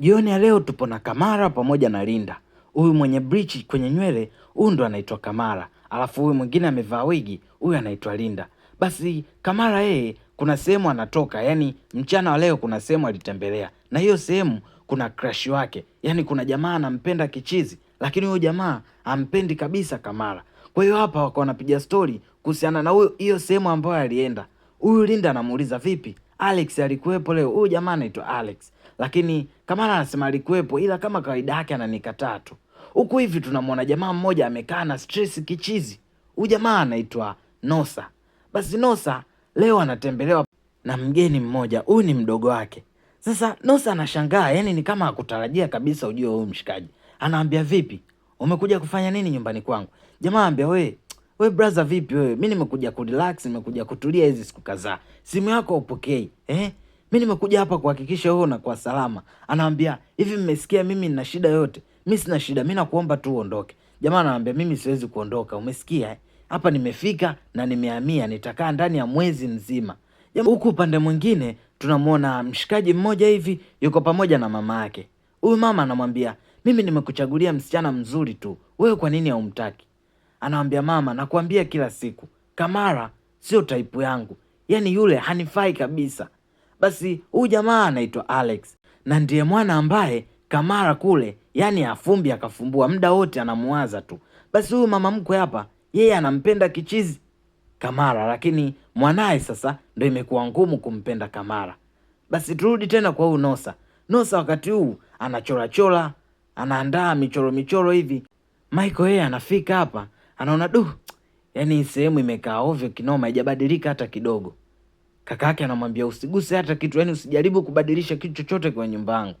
Jioni ya leo tupo na Kamara pamoja na Linda. Huyu mwenye bleach kwenye nywele, huyu ndo anaitwa Kamara, alafu huyu mwingine amevaa wigi, huyu anaitwa Linda. Basi Kamara yeye kuna sehemu anatoka, yani mchana wa leo kuna sehemu alitembelea, na hiyo sehemu kuna crush wake, yani kuna jamaa anampenda kichizi, lakini huyo jamaa ampendi kabisa Kamara. Kwa hiyo hapa wako wanapiga stori kuhusiana na hiyo sehemu ambayo alienda. Huyu Linda anamuuliza vipi Alex alikuwepo leo. Huyu jamaa anaitwa Alex, lakini Kamara anasema alikuwepo, ila kama kawaida yake ananikataa tu. Huku hivi tunamwona jamaa mmoja amekaa na stress kichizi. Huyu jamaa anaitwa Nosa. Basi Nosa leo anatembelewa na mgeni mmoja, huyu ni mdogo wake. Sasa Nosa anashangaa, yani ni kama akutarajia kabisa ujio huyu mshikaji. Anaambia vipi, umekuja kufanya nini nyumbani kwangu? Jamaa anambia we We brother, vipi wewe? Mi nimekuja kurelax, nimekuja kutulia hizi siku kadhaa, simu yako haupokei eh? Mi nimekuja hapa kuhakikisha wewe unakuwa salama. Anaambia hivi, mmesikia mimi nina shida yote? Mi sina shida, mi nakuomba tu uondoke. Jamaa anaambia mimi siwezi kuondoka, umesikia eh? hapa Nimefika na nimehamia, nitakaa ndani ya mwezi mzima. Huku upande mwingine tunamwona mshikaji mmoja hivi yuko pamoja na mama yake. Huyu mama anamwambia mimi nimekuchagulia msichana mzuri tu, wewe kwa nini haumtaki? anawambia mama, nakuambia kila siku Kamara sio taipu yangu, yani yule hanifai kabisa. Basi huyu jamaa anaitwa Alex na ndiye mwana ambaye Kamara kule, yani afumbi akafumbua, muda wote anamuwaza tu. Basi huyu mama mkwe hapa, yeye anampenda kichizi Kamara, lakini mwanaye sasa ndo imekuwa ngumu kumpenda Kamara. Basi turudi tena kwa huyu Nosa. Nosa wakati huu anachorachora, anaandaa michoro michoro hivi. Michael yeye anafika hapa anaona du, yani sehemu imekaa ovyo kinoma, haijabadilika hata kidogo. Kaka yake anamwambia usiguse hata kitu, yani usijaribu kubadilisha kitu chochote kwenye nyumba yangu.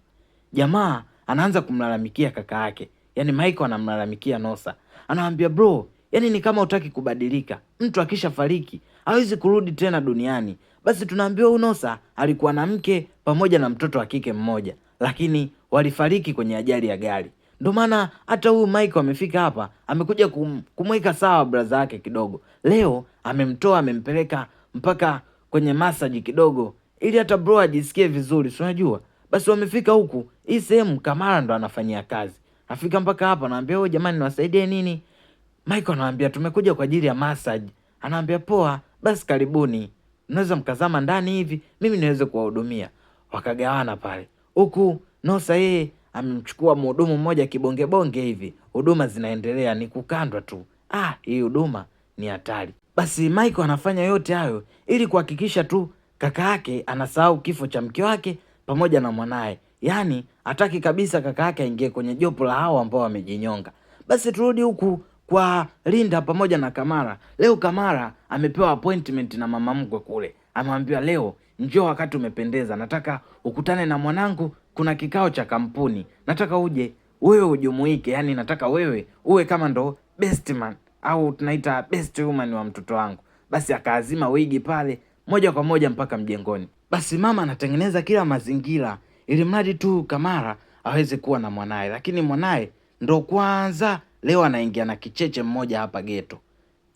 Jamaa anaanza kumlalamikia kaka yake, yani Michael anamlalamikia Nosa, anamwambia bro, yani ni kama utaki kubadilika, mtu akishafariki hawezi kurudi tena duniani. Basi tunaambiwa huyu Nosa alikuwa na mke pamoja na mtoto wa kike mmoja, lakini walifariki kwenye ajali ya gari. Ndo maana hata huyu Mike amefika hapa, amekuja kum, kumweka sawa braza yake kidogo. Leo amemtoa amempeleka mpaka kwenye masaji kidogo, ili hata bro ajisikie vizuri, si unajua. Basi wamefika huku, hii sehemu Kamara ndo anafanyia kazi. Afika mpaka hapa, naambia wewe, jamani, niwasaidie nini? Mike anawaambia tumekuja kwa ajili ya masaji. Anaambia poa, basi karibuni, mnaweza mkazama ndani hivi, mimi niweze kuwahudumia. Wakagawana pale, huku Nosa yeye amchukua mhudumu mmoja kibongebonge hivi, huduma zinaendelea, ni kukandwa tu. Ah, hii huduma ni hatari. Basi Michael anafanya yote hayo ili kuhakikisha tu kaka yake anasahau kifo cha mke wake pamoja na mwanaye, yaani hataki kabisa kaka yake aingie kwenye jopo la hao ambao wamejinyonga. Basi turudi huku kwa Linda pamoja na Kamara. Leo Kamara amepewa appointment na mama mkwe kule, amewambiwa leo njoo wakati umependeza, nataka ukutane na mwanangu kuna kikao cha kampuni, nataka uje wewe ujumuike, yani nataka wewe uwe kama ndo best man au tunaita best woman wa mtoto wangu. Basi akaazima wigi pale moja kwa moja mpaka mjengoni. Basi mama anatengeneza kila mazingira ili mradi tu Kamara aweze kuwa na mwanaye, lakini mwanaye ndo kwanza leo anaingia na kicheche mmoja hapa geto.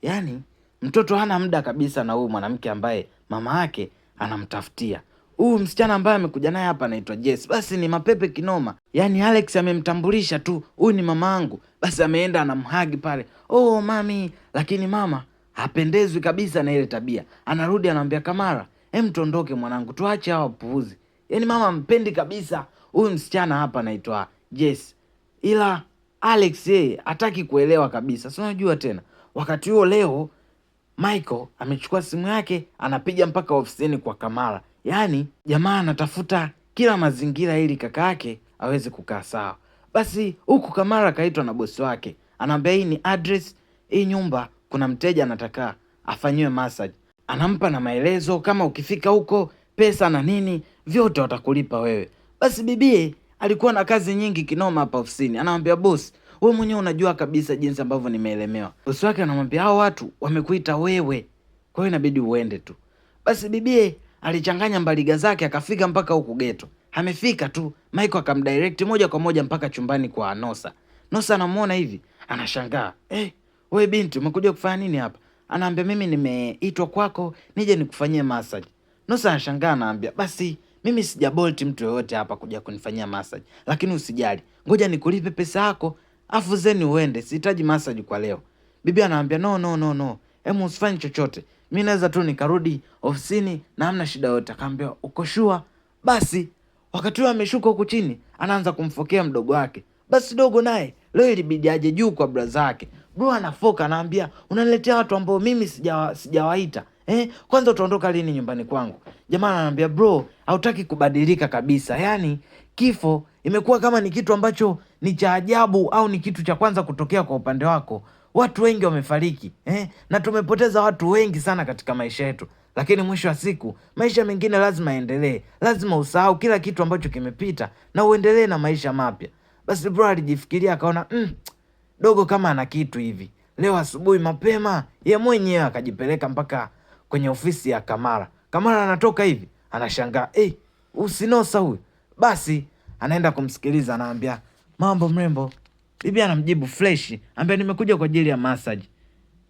Yani mtoto hana muda kabisa na huyu mwanamke ambaye mama yake anamtafutia huyu msichana ambaye amekuja naye hapa anaitwa Jess. Basi ni mapepe kinoma, yaani Alex amemtambulisha tu, huyu ni mama yangu. Basi ameenda anamhagi pale, oh mami. Lakini mama hapendezwi kabisa na ile tabia, anarudi anamwambia Kamara, hem, tuondoke mwanangu, tuache hawa puuzi. Yaani mama mpendi kabisa huyu msichana hapa anaitwa Jess, ila Alex yeye hataki kuelewa kabisa. Si unajua tena, wakati huo leo Michael amechukua simu yake anapiga mpaka ofisini kwa Kamara Yaani jamaa anatafuta kila mazingira ili kaka yake aweze kukaa sawa. Basi huku Kamara akaitwa na bosi wake, anaambia hii ni address, hii nyumba kuna mteja anataka afanyiwe massage. Anampa na maelezo kama ukifika huko pesa na nini vyote watakulipa wewe. Basi bibie alikuwa na kazi nyingi kinoma hapa ofisini, anamwambia bosi, wewe mwenyewe unajua kabisa jinsi ambavyo nimeelemewa. Bosi wake anamwambia hao watu wamekuita wewe, kwa hiyo inabidi uende tu. Basi bibie alichanganya mbaliga zake akafika mpaka huku geto. Amefika tu Michael akamdirect moja kwa moja mpaka chumbani kwa Nosa. Nosa anamuona hivi, anashangaa. Eh, we binti umekuja kufanya nini hapa? Anaambia mimi nimeitwa kwako nije nikufanyie massage. Nosa anashangaa anaambia, basi mimi sijabolt mtu yoyote hapa kuja kunifanyia massage. Lakini usijali. Ngoja nikulipe pesa yako afu zeni uende. Sihitaji massage kwa leo. Bibi anaambia no no no no hemu usifanye chochote, mi naweza tu nikarudi ofisini na hamna shida yote. Akaambia uko sure? Basi wakati huyo ameshuka huku chini, anaanza kumfokea mdogo wake. Basi dogo naye leo ilibidi aje juu kwa bra zake. Bro anafoka anaambia, unaletea watu ambao mimi sijawa, sijawaita eh? Kwanza utaondoka lini nyumbani kwangu? Jamaa anaambia bro, hautaki kubadilika kabisa, yaani kifo imekuwa kama ni kitu ambacho ni cha ajabu au ni kitu cha kwanza kutokea kwa upande wako watu wengi wamefariki eh? na tumepoteza watu wengi sana katika maisha yetu, lakini mwisho wa siku maisha mengine lazima yaendelee. Lazima usahau kila kitu ambacho kimepita na uendelee na maisha mapya. Basi bro alijifikiria akaona, mm, dogo kama ana kitu hivi. Leo asubuhi mapema ye mwenyewe akajipeleka mpaka kwenye ofisi ya Kamara. Kamara anatoka hivi anashangaa, hey, eh, usinosa huyu. Basi anaenda kumsikiliza, anaambia mambo mrembo Bibi anamjibu fresh, ambaye nimekuja kwa ajili ya massage.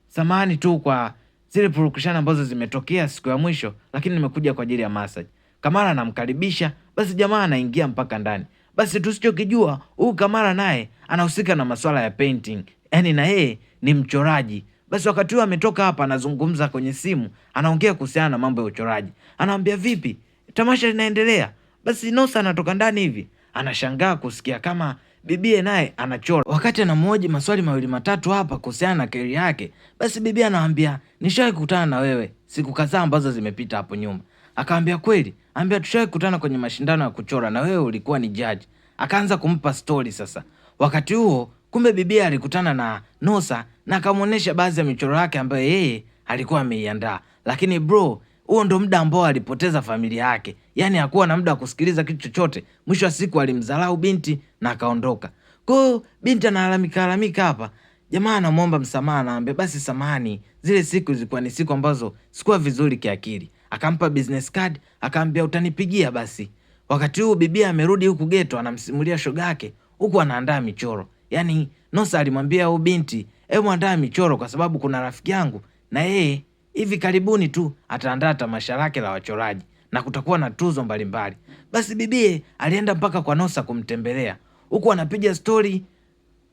Samahani tu kwa zile purukushani ambazo zimetokea siku ya mwisho, lakini nimekuja kwa ajili ya massage. Kamara anamkaribisha, basi jamaa anaingia mpaka ndani. Basi tusichokijua huyu Kamara naye anahusika na masuala ya painting, yaani na yeye ni mchoraji. Basi wakati huyo ametoka hapa, anazungumza kwenye simu, anaongea kuhusiana na mambo ya uchoraji. Anaambia vipi, tamasha linaendelea? Basi Nosa anatoka ndani hivi anashangaa kusikia kama Bibie naye anachora wakati anamhoji maswali mawili matatu hapa kuhusiana na keri yake, basi bibie anawambia nishawahi kukutana na wewe siku kadhaa ambazo zimepita hapo nyuma. Akaambia kweli, ambia tushawahi kukutana kwenye mashindano ya kuchora na wewe ulikuwa ni jaji. Akaanza kumpa stori sasa. Wakati huo kumbe bibie alikutana na Nosa na akamwonyesha baadhi ya michoro yake ambayo yeye alikuwa ameiandaa, lakini bro huo ndo muda ambao alipoteza familia yake, yaani hakuwa na muda wa kusikiliza kitu chochote. Mwisho wa siku alimdharau binti na akaondoka. Kwa hiyo binti analalamika lalamika hapa, jamaa anamwomba msamaha, naambia basi samahani, zile siku zilikuwa ni siku ambazo sikuwa vizuri kiakili. Akampa business card, akaambia utanipigia basi. Wakati huu bibia amerudi huku geto, anamsimulia shoga yake huku anaandaa michoro. Yaani Nosa alimwambia huyu binti, hebu andaa michoro kwa sababu kuna rafiki yangu na yeye Hivi karibuni tu ataandaa tamasha lake la wachoraji na kutakuwa na tuzo mbalimbali. Basi bibie alienda mpaka kwa Nosa kumtembelea, huku wanapiga stori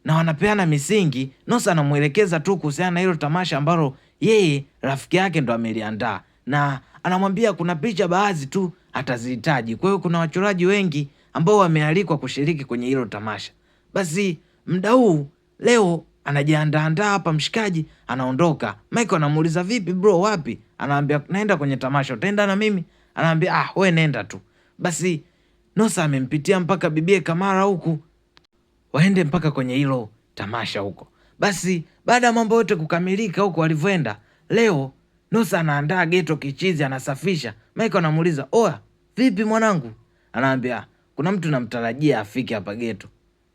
na wanapeana misingi. Nosa anamwelekeza tu kuhusiana na hilo tamasha ambalo yeye rafiki yake ndo ameliandaa, na anamwambia kuna picha baadhi tu atazihitaji. Kwa hiyo kuna wachoraji wengi ambao wamealikwa kushiriki kwenye hilo tamasha. Basi mda huu leo anajiandaandaa hapa mshikaji, anaondoka. Michael anamuuliza vipi bro, wapi? Anaambia naenda kwenye tamasha, utaenda na mimi? Anaambia ah, we nenda tu. Basi Nosa amempitia mpaka bibie Kamara huku, waende mpaka kwenye hilo tamasha huko. Basi baada ya mambo yote kukamilika huko walivyoenda, leo Nosa anaandaa geto kichizi, anasafisha. Michael anamuuliza oa, vipi mwanangu? Anaambia kuna mtu namtarajia afike hapa geto.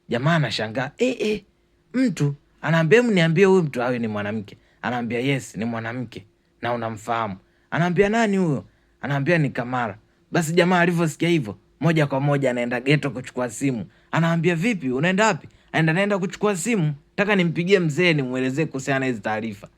Jamaa anashangaa, eh, eh, mtu Anaambia hebu niambie huyu mtu awe ni mwanamke. Anaambia yes, ni mwanamke na unamfahamu. Anaambia nani huyo? Anaambia ni Kamara. Basi jamaa alivyosikia hivyo, moja kwa moja anaenda geto kuchukua simu. Anaambia vipi, unaenda wapi? Aenda naenda kuchukua simu. taka nimpigie mzee nimwelezee kuhusiana na hizi taarifa.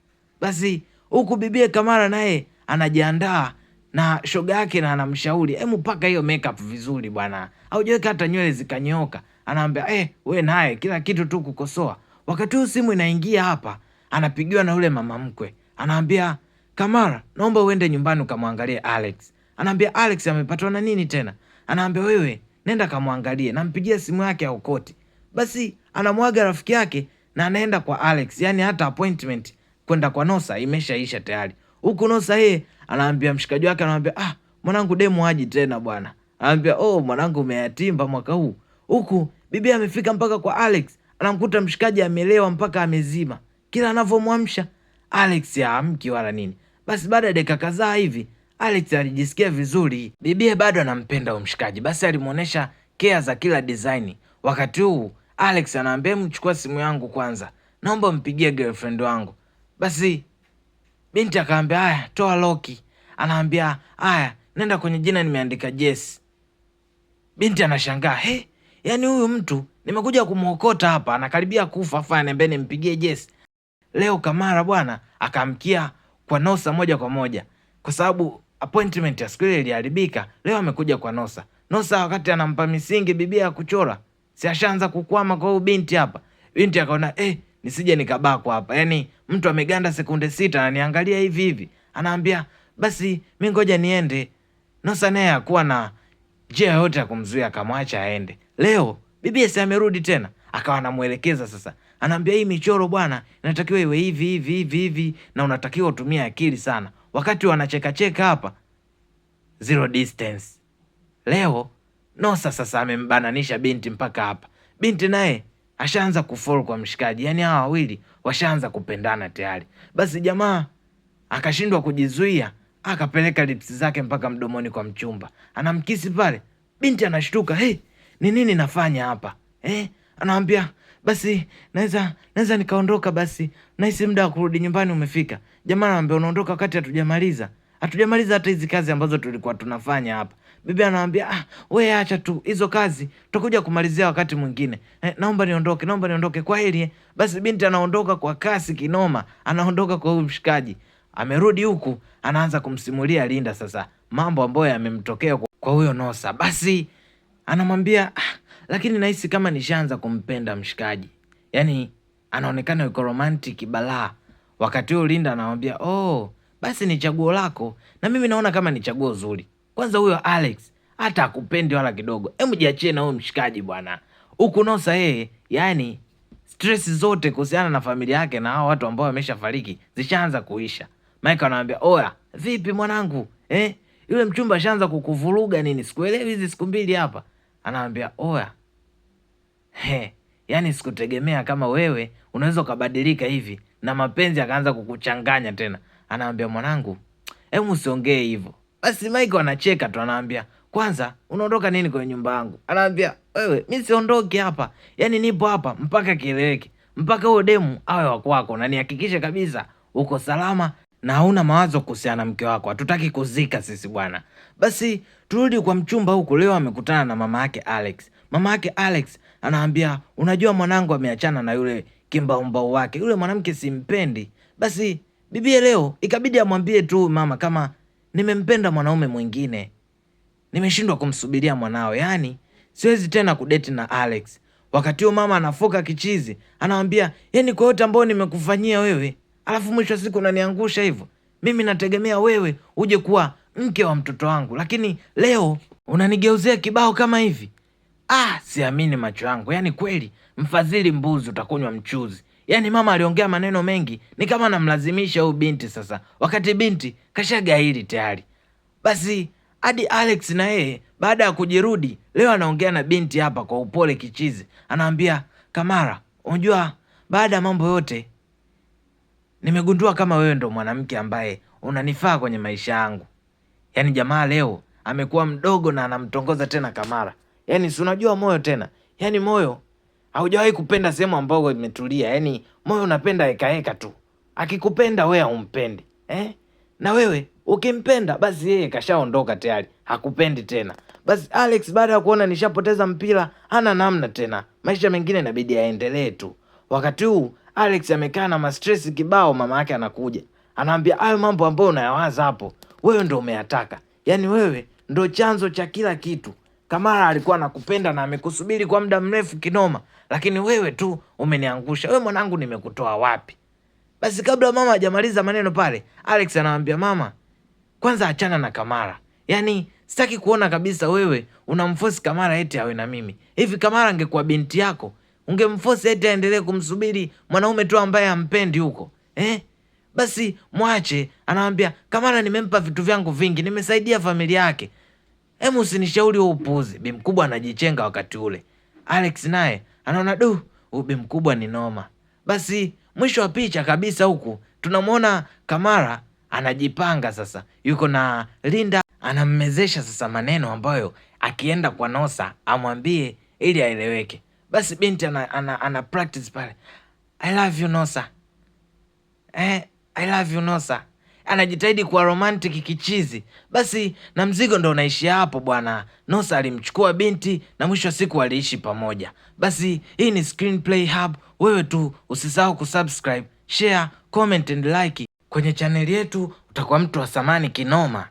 Basi huku bibie Kamara naye anajiandaa na shoga yake na anamshauri, "Hebu paka hiyo makeup vizuri bwana. aujaweka hata nywele zikanyoka." Anaambia, "Eh, we naye kila kitu tu kukosoa." Wakati huu simu inaingia hapa, anapigiwa na yule mama mkwe, anaambia Kamara, naomba uende nyumbani ukamwangalie Alex. Anaambia Alex amepatwa na nini tena? Anaambia wewe nenda kamwangalie, nampigia simu yake aukoti. Basi anamwaga rafiki yake na anaenda kwa Alex, yaani hata appointment kwenda kwa Nosa imeshaisha tayari. Huku Nosa yeye anaambia mshikaji wake, anaambia ah, mwanangu demu aji tena bwana. Anaambia oh, mwanangu umeyatimba mwaka huu. Huku bibi amefika mpaka kwa Alex, anamkuta mshikaji amelewa mpaka amezima. Kila anavyomwamsha Alex haamki wala nini. Basi baada ya dakika kadhaa hivi Alex alijisikia vizuri, bibie bado anampenda huyo mshikaji. Basi alimwonyesha kea za kila design. Wakati huu Alex anaambia mchukua simu yangu kwanza, naomba mpigie girlfriend wangu. Basi binti akaambia haya, toa loki. Anaambia haya, nenda kwenye jina nimeandika Jess. Binti anashangaa he, yani huyu mtu Nimekuja kumwokota hapa, anakaribia kufa, afa niambie nimpigie Jesi. Leo Kamara bwana akamkia kwa Nosa moja kwa moja, kwa sababu appointment ya siku ile iliharibika. Leo amekuja kwa Nosa. Nosa wakati anampa misingi bibia ya kuchora, si ashaanza kukwama kwa huyu binti hapa. Binti akaona eh, nisije nikabakwa hapa, yaani mtu ameganda sekunde sita ananiangalia hivi hivi, anaambia basi mi ngoja niende. Nosa naye hakuwa na njia yoyote ya kumzuia, akamwacha aende leo Bibi Esther amerudi tena, akawa anamwelekeza sasa, anaambia hii michoro bwana, inatakiwa iwe hivi hivi hivi hivi, na unatakiwa utumie akili sana. Wakati wanachekacheka hapa, zero distance. Leo Nosa sasa amembananisha binti mpaka hapa, binti naye ashaanza kufall kwa mshikaji, yaani hawa wawili washaanza kupendana tayari. Basi jamaa akashindwa kujizuia, akapeleka lipsi zake mpaka mdomoni kwa mchumba, anamkisi pale, binti anashtuka hey! ni nini nafanya hapa eh? Anawambia basi naweza naweza nikaondoka basi, nahisi muda wa kurudi nyumbani umefika. Jamaa anawambia unaondoka wakati hatujamaliza hatujamaliza hata hizi kazi ambazo tulikuwa tunafanya hapa. Bibi anawambia ah, we acha tu hizo kazi, tutakuja kumalizia wakati mwingine eh, naomba niondoke, naomba niondoke, kwa heri. Eh. Basi binti anaondoka kwa kasi kinoma, anaondoka kwa huyu mshikaji. Amerudi huku anaanza kumsimulia Linda sasa mambo ambayo yamemtokea kwa huyo Nosa. Basi anamwambia ah, lakini nahisi kama nishaanza kumpenda mshikaji. Yaani anaonekana yuko romantic balaa. Wakati huo Linda anamwambia oh, basi ni chaguo lako, na mimi naona kama ni chaguo zuri. Kwanza huyo Alex hata akupendi wala kidogo. hemu jiachie na huyo mshikaji bwana, huku Nosa yeye, yani stress zote kuhusiana na familia yake na hao watu ambao wameshafariki zishaanza kuisha. Mike anamwambia oya, vipi mwanangu eh? Yule mchumba ashaanza kukuvuruga nini? Sikuelewi hizi siku mbili hapa. Anaambia oya, he, yani sikutegemea kama wewe unaweza ukabadilika hivi, na mapenzi akaanza kukuchanganya tena. Anawambia mwanangu, hemu usiongee hivyo. Basi Michael anacheka tu, anawambia kwanza unaondoka nini kwenye nyumba yangu? Anaambia wewe, mi siondoki hapa, yani nipo hapa mpaka kieleweke, mpaka huo demu awe wa kwako na nihakikishe kabisa uko salama na hauna mawazo kuhusiana na mke wako, hatutaki kuzika sisi bwana. Basi turudi kwa mchumba huku. Leo amekutana na mama yake Alex. Mama yake Alex anaambia, unajua mwanangu ameachana na yule kimbaumbau wake, yule mwanamke simpendi. Basi bibie leo ikabidi amwambie tu mama kama nimempenda mwanaume mwingine, nimeshindwa kumsubiria mwanao, yaani siwezi tena kudeti na Alex. Wakati huo mama anafoka kichizi, anawambia yani, kwa yote ambayo nimekufanyia wewe alafu mwisho wa siku unaniangusha hivyo. Mimi nategemea wewe uje kuwa mke wa mtoto wangu, lakini leo unanigeuzia kibao kama hivi. Ah, siamini macho yangu. Yaani kweli mfadhili mbuzi utakunywa mchuzi. Yaani mama aliongea maneno mengi, ni kama namlazimisha huyu binti sasa, wakati binti kashagairi tayari. Basi hadi Alex na yeye baada ya kujirudi leo anaongea na binti hapa kwa upole kichizi, anaambia Kamara, unajua baada ya mambo yote nimegundua kama wewe ndo mwanamke ambaye unanifaa kwenye maisha yangu. Yaani jamaa leo amekuwa mdogo na anamtongoza tena Kamara. Yaani si unajua moyo tena. Yaani moyo haujawahi kupenda sehemu ambayo imetulia. Yaani moyo unapenda heka heka tu. Akikupenda wewe haumpendi. Eh? Na wewe ukimpenda basi yeye kashaondoka tayari. Hakupendi tena. Basi Alex baada ya kuona nishapoteza mpira, hana namna tena. Maisha mengine inabidi yaendelee tu. Wakati huu Alex amekaa na mastress kibao, mama yake anakuja anaambia, hayo mambo ambayo unayawaza hapo wewe ndo umeyataka, yaani wewe ndo chanzo cha kila kitu. Kamara alikuwa anakupenda na amekusubiri kwa muda mrefu kinoma, lakini wewe tu umeniangusha. Wewe mwanangu, nimekutoa wapi? Basi kabla mama hajamaliza maneno pale, Alex anamwambia mama, kwanza achana na Kamara, yaani sitaki kuona kabisa wewe unamforce Kamara eti awe na mimi. Hivi Kamara angekuwa binti yako ungemfosi eti aendelee kumsubiri mwanaume tu ambaye ampendi huko eh? Basi mwache. anawambia Kamara, nimempa vitu vyangu vingi, nimesaidia familia yake, hemu usinishauri hu upuzi. Bi mkubwa anajichenga wakati ule. Alex naye anaona du, huyu bi mkubwa ni noma. Basi mwisho wa picha kabisa huku tunamwona Kamara anajipanga sasa, yuko na Linda anammezesha sasa maneno ambayo akienda kwa Nosa amwambie ili aeleweke basi binti ana, ana, ana practice pale I love you Nosa, eh, I love you Nosa, anajitahidi kuwa romantic kichizi, basi na mzigo ndo unaishia hapo bwana. Nosa alimchukua binti na mwisho wa siku waliishi pamoja. Basi hii ni Screenplay Hub, wewe tu usisahau kusubscribe, share, comment and like kwenye chaneli yetu, utakuwa mtu wa samani kinoma.